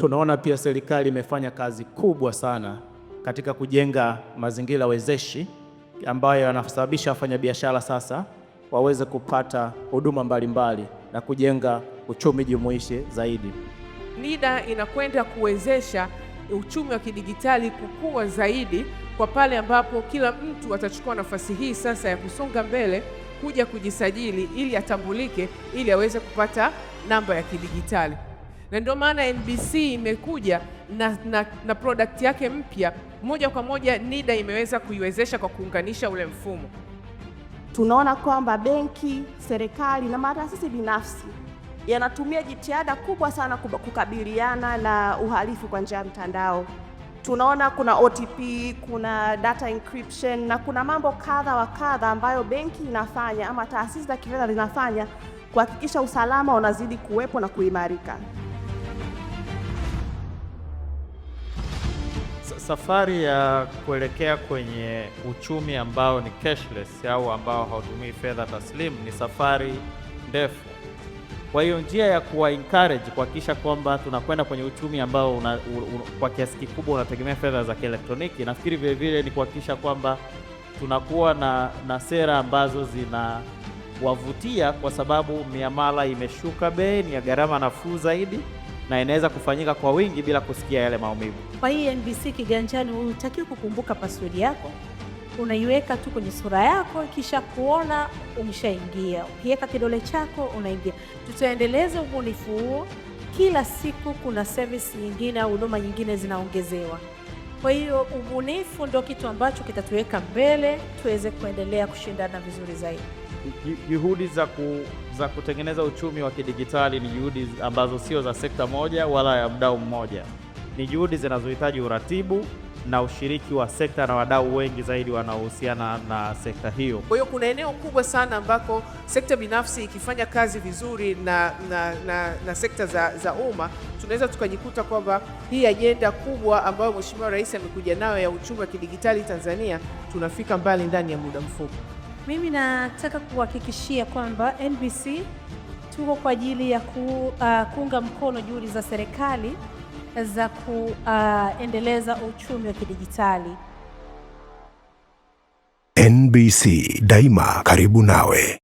Tunaona pia serikali imefanya kazi kubwa sana katika kujenga mazingira wezeshi ambayo yanasababisha wafanyabiashara sasa waweze kupata huduma mbalimbali na kujenga uchumi jumuishi zaidi. NIDA inakwenda kuwezesha uchumi wa kidigitali kukua zaidi kwa pale ambapo kila mtu atachukua nafasi hii sasa ya kusonga mbele kuja kujisajili ili atambulike ili aweze kupata namba ya kidigitali na ndio maana NBC imekuja na, na, na product yake mpya moja kwa moja. NIDA imeweza kuiwezesha kwa kuunganisha ule mfumo. Tunaona kwamba benki, serikali na mataasisi binafsi yanatumia jitihada kubwa sana kukabiliana na uhalifu kwa njia ya mtandao. Tunaona kuna OTP, kuna data encryption na kuna mambo kadha wa kadha ambayo benki inafanya ama taasisi za kifedha zinafanya kuhakikisha usalama unazidi kuwepo na kuimarika. safari ya kuelekea kwenye uchumi ambao ni cashless au ambao hautumii fedha taslimu ni safari ndefu. Kwa hiyo njia ya kuwa encourage kuhakikisha kwamba tunakwenda kwenye uchumi ambao una, u, u, kwa kiasi kikubwa unategemea fedha za kielektroniki, nafikiri vile vile ni kuhakikisha kwamba tunakuwa na, na sera ambazo zinawavutia kwa sababu miamala imeshuka bei, ni ya gharama nafuu zaidi na inaweza kufanyika kwa wingi bila kusikia yale maumivu. Kwa hiyo NBC kiganjani, unatakiwa kukumbuka password yako, unaiweka tu kwenye sura yako, kisha kuona umeshaingia, ukiweka kidole chako unaingia. Tutaendeleza ubunifu huo kila siku, kuna service nyingine au huduma nyingine zinaongezewa. Kwa hiyo ubunifu ndio kitu ambacho kitatuweka mbele tuweze kuendelea kushindana vizuri zaidi juhudi za, ku, za kutengeneza uchumi wa kidigitali ni juhudi ambazo sio za sekta moja wala ya mdau mmoja. Ni juhudi zinazohitaji uratibu na ushiriki wa sekta na wadau wengi zaidi wanaohusiana na sekta hiyo. Kwa hiyo kuna eneo kubwa sana ambako sekta binafsi ikifanya kazi vizuri na, na, na, na sekta za, za umma tunaweza tukajikuta kwamba hii ajenda kubwa ambayo Mheshimiwa Rais amekuja nayo ya uchumi wa kidigitali Tanzania tunafika mbali ndani ya muda mfupi. Mimi nataka kuhakikishia kwamba NBC tuko kwa ajili ya ku, uh, kuunga mkono juhudi za serikali za kuendeleza uh, uchumi wa kidijitali. NBC daima karibu nawe.